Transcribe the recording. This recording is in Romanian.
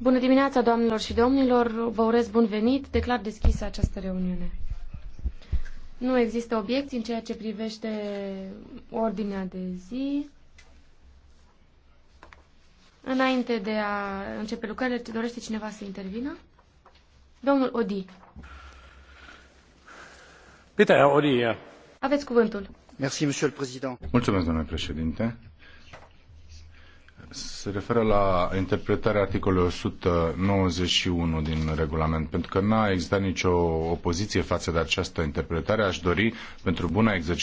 Bună dimineața, doamnelor și domnilor, vă urez bun venit, declar deschisă această reuniune. Nu există obiecții în ceea ce privește ordinea de zi. Înainte de a începe lucrările, dorește cineva să intervină? Domnul Odi. Peter Odi. Aveți cuvântul. Mulțumesc, domnule președinte se referă la interpretarea articolului 191 din regulament, pentru că n-a existat nicio opoziție față de această interpretare. Aș dori, pentru buna exercitare